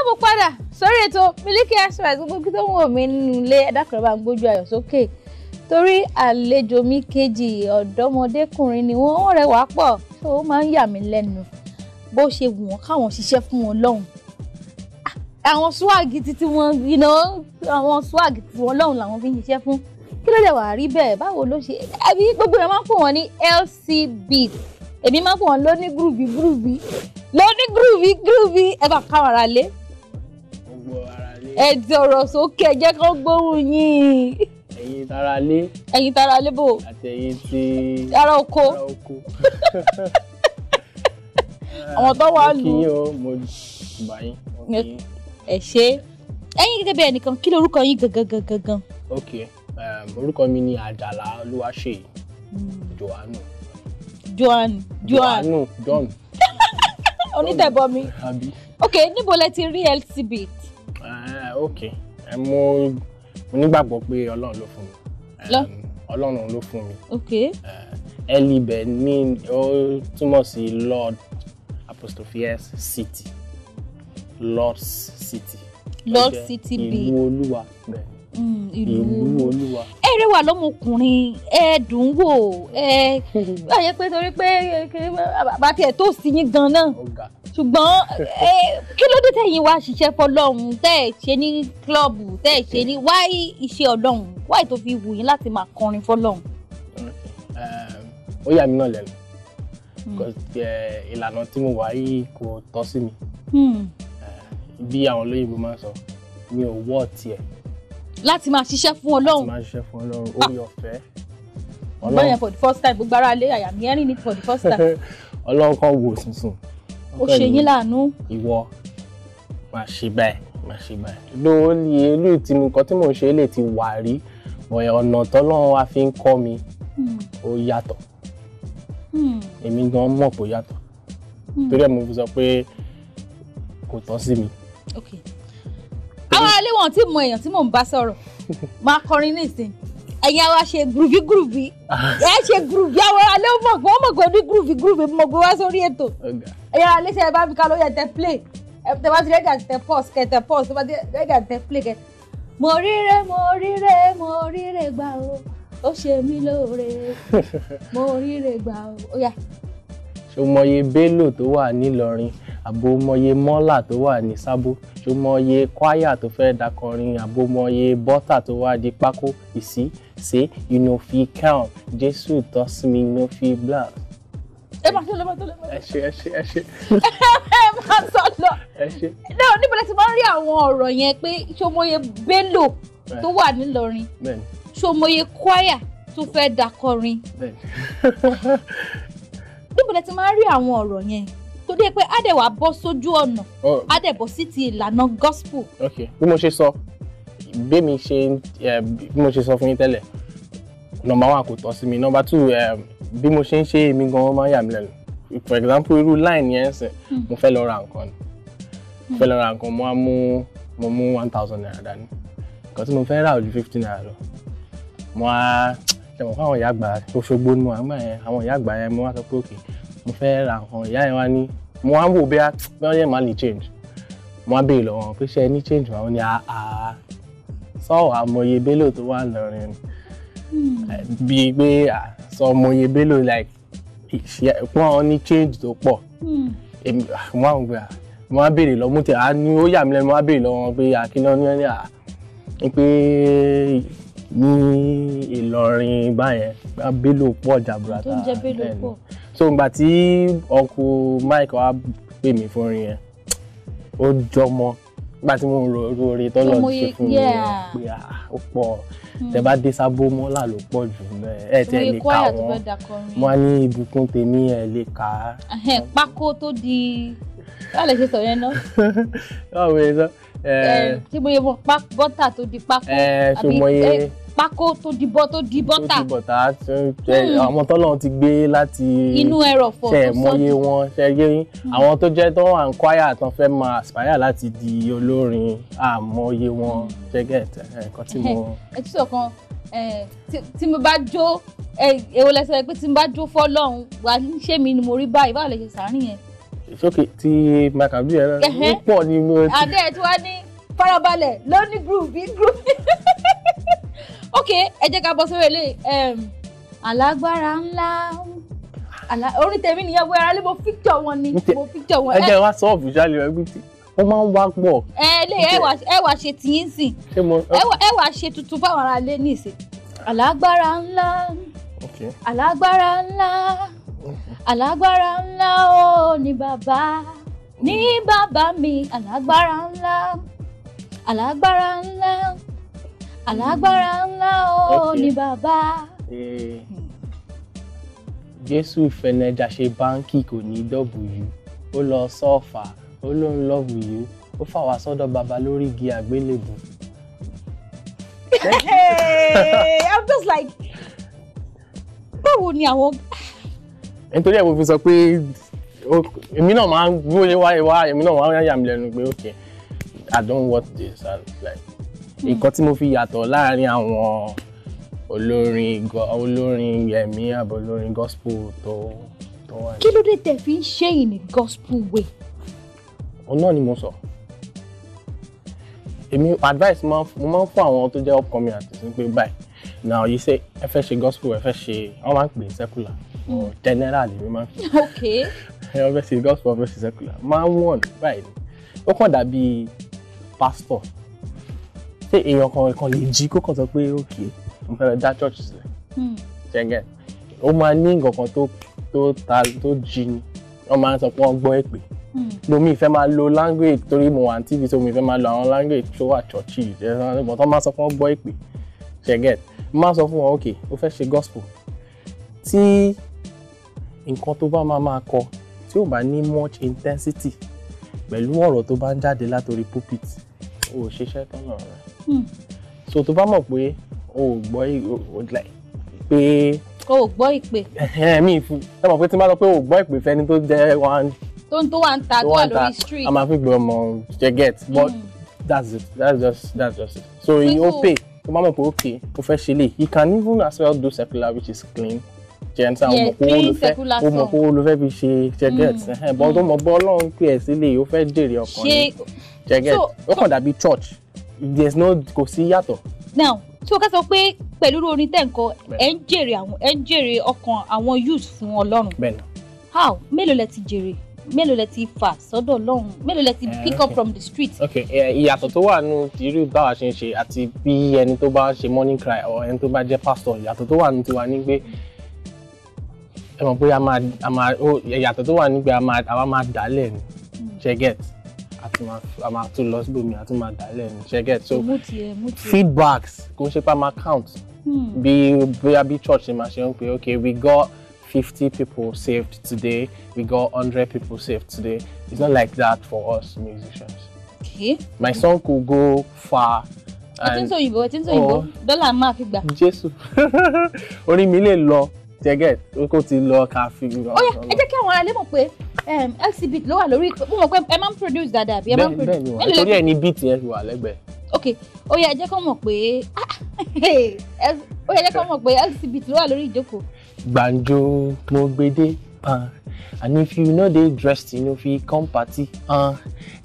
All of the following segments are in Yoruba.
káàbọ̀ padà sórí ètò Miliki Express gbogbo kí tó ń wò mí nínú ilé ẹ̀dákùnrin bá ń gbójú ayọ̀ sókè torí àlejò mi kejì ọ̀dọ́mọdékùnrin ni wọ́n rẹwà pọ̀ tó máa ń yà mí lẹ́nu bó ṣe wù wọ́n káwọn ṣiṣẹ́ fún wọn lọ́hùn ah, àwọn swag titi wọn iná àwọn swag titi wọn lọ́hùn làwọn fi ń ṣiṣẹ́ fún kí ló dé wàá rí bẹ́ẹ̀ báwo ló ṣe ẹbí gbogbo ẹ̀ máa ń pè wọ́n ní LCB èmi máa ń pè wọ́n lóní groovy groovy lóní groovy groovy ẹ bá káwọn ara lé ẹ sọ̀rọ̀ sókè ẹ jẹ́ kán gbóhùn yín. ẹ̀yin tara lé. ẹ̀yin tara lé bò. àti ẹ̀yin ti. ara oko. ara oko. àwọn tó wà lù. mo kí yín o mo bá yín. ẹ ṣe ẹ̀yin gẹ́gẹ́ bí ẹnìkan kí lorúkọ yín gangan gangan. ok um, orúkọ mi ni àjàlá olúwaṣeyì hmm. johannu. johannu johannu john. onítẹ̀bọmi. ok níbo lẹ ti rí LCB Ah, ok eh, mo mo nígbàgbọ́ pé ọlọ́run ló fún mi eh, ọlọ́run ló fún mi ok eh, ní ó túmọ̀ sí lord apostrophe s city lord city lord city bí ìlú olúwa bẹ́ẹ̀. Mm, ìlú olúwa. eré wà lọ́mọkùnrin ẹ dùn wò ẹ báyẹn pé torí pé bàbá tiẹ̀ tó sí yín gan-an ṣùgbọ́n kí ló dé tẹ̀yìn wá ṣiṣẹ́ fọlọ́run tẹ́ ẹ̀ ṣe ní kílọ̀bù tẹ́ ẹ̀ ṣe ní wáì iṣẹ́ ọlọ́run wáì tó fi wù yín láti máa kọrin fọlọ́run. ó yà mí náà lẹ́nu hmm. ìlànà tí mo wà yìí kò tọ́ sí mi hmm. bí àwọn olóyìnbó máa ń sọ mi ò wọ́ tiẹ̀ láti máa ṣiṣẹ́ fún ọlọ́run. láti máa ṣiṣẹ́ fún ọlọ́run ah. orí ọ̀fẹ́. ọlọ́run yẹn for the first time gbogbo ara lé àyà mi ẹ̀rín ní for the first time. ọlọ́run kan wò tuntun. ó ṣe yín láàánú. ìwọ máa ṣe báyìí máa ṣe báyìí. lóò ní elú ìtìmí kan tí mò ń ṣe é lè ti wà rí ọ̀nà tọ́lọ́run wa fi ń kọ́ mi hmm. ó yàtọ̀ hmm. èmi gan mọ̀ pé ó yàtọ̀ hmm. torí ẹ̀ mo fi sọ pé kò tọ́ sí mi. okay àwọn ilé wọn tí mo èèyàn tí mò ń bá sọ̀rọ̀ máa kọrin nísìn ẹ̀yin àwa ṣe groovy groovy ẹ ṣe groovy àwọn alẹ mọ gbọ mọ gbọ ní groovy groovy mo gbé wá sórí ètò ẹ̀yin àwa lẹsẹ ẹ bá mi ká ló yẹ tẹ play tẹ bá ti rẹdí àti tẹ pause kẹ tẹ pause tẹ bá ti rẹdí tẹ play kẹ. mo ríre mo ríre mo ríre gbà o ó ṣe mí lóore mo ríre gbà o ó ṣùgbọ́n iye bello tó wà nílọrin àbòmọye mọ́là tó wà ní sábó ṣòmọye kwaya tó fẹ́ dakọrin àbòmọye bọ́tà tó wà di pákó ìsí ṣe ìnòfi kàn jésù tọ́sìmí ìnòfi bla. ẹ máa tó lọ máa tó lọ. ẹ ṣe ẹ ṣe ẹ ṣe. ẹ máa sọ lọ. ẹ ṣe. náà níbo la ti máa ń rí àwọn ọ̀rọ̀ yẹn pé ṣòmọye bello tó wà nílọrin ṣòmọye kwaya tó fẹ́ dakọrin. níbo la ti máa ń rí àwọn ọ̀rọ̀ yẹn torí pé á dẹ̀ wá bọ́ sójú ọ̀nà á oh. dẹ̀ bọ́ sí ti ìlànà gospel. okay bí mo ṣe sọ bẹ́ẹ̀mi ṣe eh, bí mo ṣe sọ fún yín tẹ́lẹ̀ nọmba one kò tọ́ sí mi nọmba two eh, bí mo ṣe ń ṣe èmi gan-an yà mí lẹ́nu for example irú line yẹn ṣe hmm. mo fẹ́ lọ ra nǹkan ni mo fẹ́ lọ ra nǹkan mo á mú mo mú one thousand naira dání nǹkan tí mo fẹ́ rà ò ju fifty naira lọ mo á ṣẹ̀wọ̀n fún àwọn ìyá àgbà Òṣogbo ni mo àgbà yẹn àwọn ìyá àgbà yẹn mo wá sọ pé òkè mo fẹ́ ra nǹkan ìyá yẹn wá ní mo wá ń wò bíyà bíyà yẹn máa lè change mo wá béèrè lọ́wọ́ pé ṣe ní change wọn ni àá ah, ah, sọ̀rọ̀ àmọye Bello tó wà lọ́rin bíi pé ah, sọ àmọye Bello like wọ́n ní change tó pọ̀ mo wá ń gbé mo wá béèrè lọ́wọ́ mo tẹ̀ á ní ó yà mí lẹ́nu mo wá béèrè lọ́wọ́ pé àkínná ní ẹni àá pé ní Ìlọrin báyẹn Bello pọ̀ jàbúrà tá a bẹ́ẹ̀ ni so ìgbà tí ọkọ Mike wa pè mí fún orin yẹn ó jọmọ nígbà tí mo ń ro oore tọ́lọ̀ ṣe fún mi pé ah, ó pọ̀ tẹ hmm. bá dé sábómọ́là ló pọ̀ jù ẹ tẹ lè kà wọ́n mo á ní ibùkún tèmi ẹ lè kà á. pákó tó di báwo lè ṣe sọ yẹn náà. báwo lè sọ. ṣé mo yẹ bọ́tà tó di pákó àbí pákó tó di bọ́ tó di bọ́tà. tó di bọ́tà hmm. àwọn tọ́lọ́run ti gbé láti inú ẹrọ̀fọ̀ tó mọyé wọn ṣẹ́yẹ́ yín hmm. àwọn tó jẹ́ tó wà ń kwaya tán fẹ́ máa aspire láti di olórin àmọye wọn hmm. ṣẹ́gẹ́ ẹ̀kọ́ tí mo. ẹ ti sọ kan tí mo bá jó èwo lẹsẹ pé tí mo bá jó fọ́lọ́run wà ní ṣé mi ni mo rí báyìí báwo lè ṣe sàárín yẹn. sókè tí makabi yẹn pọ̀ ni mo ti. àdé ẹ̀ tí wàá ní farabalẹ̀ lónìí groove bí groove. ok ẹ jẹ́ ká bọ́ sórí ilé alágbára ńlá orin tèmi nìyẹn bóyá aráàlú mo picture wọn ni mo picture wọn. ẹ jẹ́ wá sọ́ọ̀bù jálè ẹgbẹ́ tí wọ́n máa ń wá pọ̀. ẹ lè ẹ wàá ṣe tìyín sìn ẹ wàá ṣe tuntun fáwọn aráalé nìsín alágbára ńlá alágbára ńlá alágbára ńlá ó ní bàbá ní bàbá mi alágbára ńlá alágbára ńlá alágbára ńlá o ní bàbá. Eh, jésù fẹnẹjà ṣe báńkì kò ní dọ̀bù yìí ó lọ sọ́ọ̀fà ó ló ń lọ́ọ̀bù yìí ó fà wá sọ́dọ̀ bàbá lórí igi àgbélébù. i'm just like báwo ni àwọn. nítorí ẹ̀ mo fi sọ pé èmi náà máa ń gbóyè wáyé wá èmi náà máa ń yà pé okay i don't watch this and like Mm. nǹkan tí mo fi yàtọ̀ láàrin àwọn olórin olórin ẹ̀mí àbọ̀ olórin gospel tó tó wà. kí ló dé tẹ̀ fi ń ṣe ìní gospel way. òun náà ni mo sọ èmi advice mo máa ń fún àwọn tó jẹ́ upcoming artist pé báyìí now you say ẹ fẹ́ ṣe gospel ẹ fẹ́ ṣe wọ́n máa ń pè é secular Generally, mm. general ni wọ́n máa ń pè é. ẹ fẹ́ ṣe gospel ẹ fẹ́ ṣe secular máa ń wọ̀n báyìí ó kàn dàbí pastor ṣé èèyàn kan kan lè jí kó kàn sọ pé òkè mo fẹ́ dá church sílẹ̀ hmm. ṣẹ́gẹ̀ ó máa ní nǹkan kan tó tó ta tó jí ni wọ́n máa ń sọ pé wọ́n gbọ́ èpè lomi hmm. ìfẹ́ máa lo language torí mo wà ní tv so mi ìfẹ́ máa lo àwọn language tó wà churchy ìbọn tó máa sọ fún wọn gbọ́ èpè ṣẹ́gẹ̀ máa sọ fún wọn òkè ó fẹ́ ṣe gospel tí nǹkan tó bá máa máa kọ tí ò bá ní much intensity pẹ̀lú ọ̀rọ̀ tó bá ń jáde látòrí pulpit ò ṣiṣẹ́ tán lọ́rọ̀ rẹ̀. Hmm. so tó bá mọ̀ pé o ò gbọ́ pé o ò gbọ́ ìpè. mi ìfu ẹ mọ̀ pé tí n bá sọ pé o ò gbọ́ ìpè fẹ́ni tó jẹ́ one. tó ń tó wà ń ta tó wà lórí street. a máa fi gbé ọmọ jẹ get but hmm. that's it that's just that's just it so ìyẹn ó pè tó bá mọ̀ pé ó pay. ó fẹ́ ṣe lè he can even as well do secular which is clean jẹnsa o mọ̀ kó o fẹ́ o mọ̀ kó o fẹ́ fi ṣe jẹ hmm. get but o mọ̀ bọ́ ọlọ́run pè ẹ́ sílé o fẹ́ jèrè ọkàn ni jẹ get ó kàn dàbí church there's no kò sí yàtọ̀. now tí o ká sọ pé pẹ̀lú orin tẹ̀ǹkọ ẹ̀ ń jèrè àwọn ẹ̀ ń jèrè ọkàn àwọn youth fún ọlọ́run. bẹ́ẹ̀ni. how mélòó lẹ ti jèrè mélòó lẹ ti fà sọ́dọ̀ ọlọ́run mélòó lẹ ti eh, pick up from the street. ok eh, ìyàtọ̀ tó wà nù irú báwa ṣe ń ṣe àti bí ẹni tó bá ṣe morning cry or ẹni tó bá jẹ́ pastor ìyàtọ̀ tó wà nù tiwa ní pé ẹ mọ̀ pé a máa ìyàtọ̀ tó wà ní pé a máa dálẹ̀ ni hmm. ṣe get a máa tún lọ síbòmí a tún máa dà lẹ́nu ṣẹ́gẹ́ so feedbacks kò ṣe pa máa count hmm. bí bóyá bí church ṣe máa ṣe ń pè okay we got fifty people saved today we got hundred people saved today it's not like that for us musicians. Okay. my song could go far àtúntò òyìnbó àtúntò òyìnbó oh. dọ́là máa fi gbà. jésù orí mi lè lọ jẹgẹ kó ti lọ ká fi. ó yẹ ẹ jẹ́ kí àwọn ará lè mọ̀ pé exhibit ló wà lórí mo mọ̀ pé ẹ máa ń produce dáadáa bí ẹ máa ń produce. bẹ́ẹ̀ ni torí ẹ ní beat yẹn fi wà lẹ́gbẹ̀ẹ́. ok ó yẹ jẹ́ kó mọ̀ pé ó yẹ jẹ́ kó mọ̀ pé exhibit ló wà lórí ìjókòó. gbàǹjo mo gbede uh, ah, and if you no dey dressed you no fit come party uh,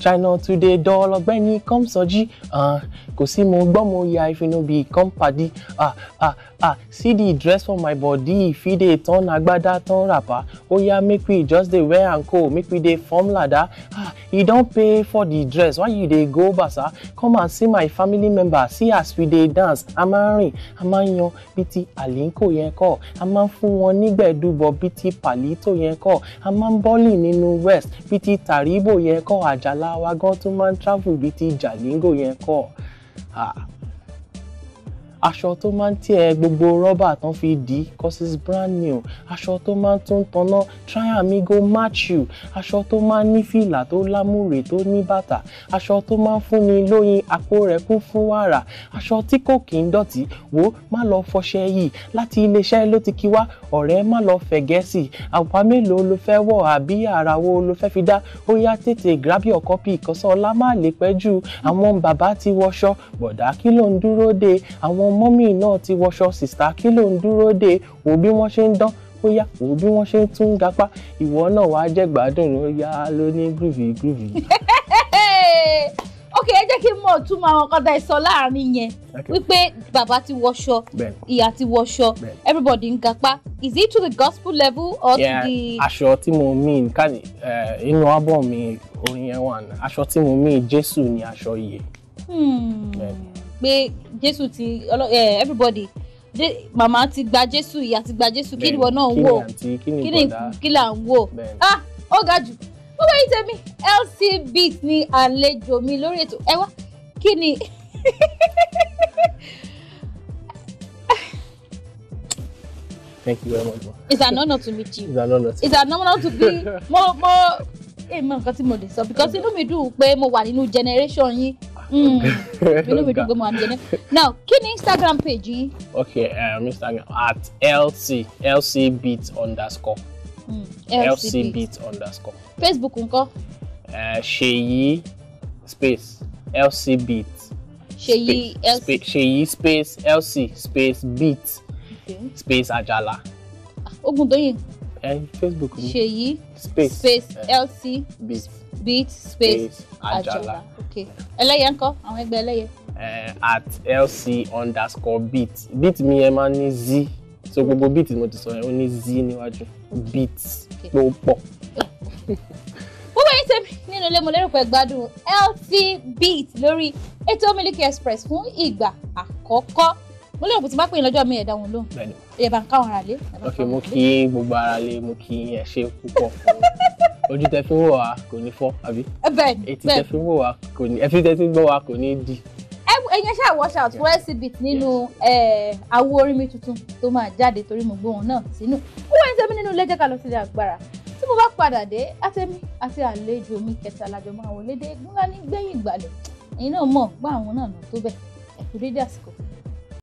china today dọ́ọ̀lọ́gbẹ́ni come sọjí uh, kò sí mo gbọ́ mo ya ìfinúbi kan pàdé ah ah ah see the dress for my body ìfide e tán agbádá tán ràpá ó yá make we just dey wear and co make we dey form ladder ah you don pay for the dress why you dey go basa come and see my family member see as we dey dance a máa ń rìn a máa ń yan bíi ti àlínkò yẹn kọ́ a máa ń fún wọn nígbẹ̀dúbọ̀ bíi ti pàlítò yẹn kọ́ a máa ń bọ́ọ̀lì nínú west bíi ti tàríbò yẹn kọ́ àjàlá wa gan tún máa ń travel bíi ti jàlíngò yẹn kọ́. 啊。aṣọ tó máa ń tẹ gbogbo rọ́bà tán fi dì í cause it's brand new aṣọ tó máa ń tún tanná try and go match you aṣọ tó máa ń ní fìlà tó lámúre tó ní bàtà aṣọ tó máa ń fúnni lóyin àpò rẹ̀ kún fún wàrà aṣọ tí kò kì í dọ̀tí wò má lọ fọṣẹ yìí láti iléeṣẹ́ ló ti kí wá ọ̀rẹ́ má lọ fẹ̀gẹ́ sí i àwa mélòó ló fẹ́ wọ̀ àbí ara wo ló fẹ́ fi dá ó yá tètè grab your copy ìkọ́sọ́ ọlá má lè pẹ́ jù àwọn bàbá ti wọṣọ bọ̀dá kí ló ń dúró de àwọn mọ́mì náà ti wọṣọ sìstà kí ló ń dúró dè wò bí wọ́n ṣe ń dán ó yá wò bí wọ́n ṣe ń tún gapá ìwọ náà wàá jẹ́ gbádùn ó yá ló ní groovy ok ẹ jẹ́ kí n mọ̀ túmọ̀ àwọn kan dá ìsọ láàrin yẹn wípé bàbá ti wọṣọ ìyá ti wọṣọ everybody ń gapá is it to the gospel level or yeah, to the. aṣọ tí mo mean káàdì eh, inú abọ́ mi orin yẹn wà ní aṣọ tí mo mean Jésù ni aṣọ iye. Hmm. Yeah pé jésù ti eh, everybody màmá ti gba jésù ìyá ti gba jésù kí ni wọn náà ń wò kí ni kí là ń wò ah ó ga jù gbogbo yìí tèmi LC Beat ni àlejò mi lórí ètò ẹ wá kí ni Thank you very much. It's an honor to meet you. It's an honor. To it's an honor to be mo mo èèmọ nǹkan tí mo lè sọ because inú mi dùn pé mo wà nínú generation yín we hmm. go now kí instagram page okay um, instagram at lc lcbeat underscore. Mm, lcbeat underscore. facebook ńkọ́. Uh, ṣèyí space lcbeat. sheyi lc ṣèyí space lc space beat okay. space ajala. Ògúntóyìn. Ah, oh, ẹ eh, facebook Sheyi space, space uh, eh, lc beat, beat space, space ajala. ajala ok ẹlẹ́yẹ ńkọ́ àwọn ẹgbẹ́ ẹlẹ́yẹ. at lc underscore beat beat mi yẹn máa ń ní z so gbogbo beat mo ti sọ yẹn ó ní z níwájú beat pọ̀. wọ́n bẹ̀rẹ̀ tèmi nínú ilé mo lérò pé gbádùn LC Beat lórí ètò Miliki Express fún ìgbà àkọ́kọ́ mo lérò pé tí bá pè é lọ́jọ́ mi ẹ̀dá wọn lóhùn ẹ̀yẹ̀ bá ń káwọn ara lé. ok mo kí gbogbo ara lé mo kí ẹ ṣe púpọ̀ fún ojú tẹ fi ń wò wá kò ní fọ́ àbí. bẹ́ẹ̀ bẹ́ẹ̀ etí tẹ fi ń wò wá kò ní ẹfí tẹ fi ń gbọ́ wá kò ní di. ẹyin ṣáà wash out for exhibit nínú àwo orin mi tuntun tó máa jáde torí mo gbóhùn náà sínú wọ́n ń tẹ́mi nínú ilé jẹ́ ká lọ sílé agbára tí mo bá padà dé àtẹ̀mí àti àlejò mi kẹta lájọ máa wọlé dé ńlá ní gbẹ̀yìn ìgbàlẹ̀ ẹ̀yin náà mọ̀ gbọ́ àwọn náà nà tó bẹ̀ ẹ̀kú dédé àsìkò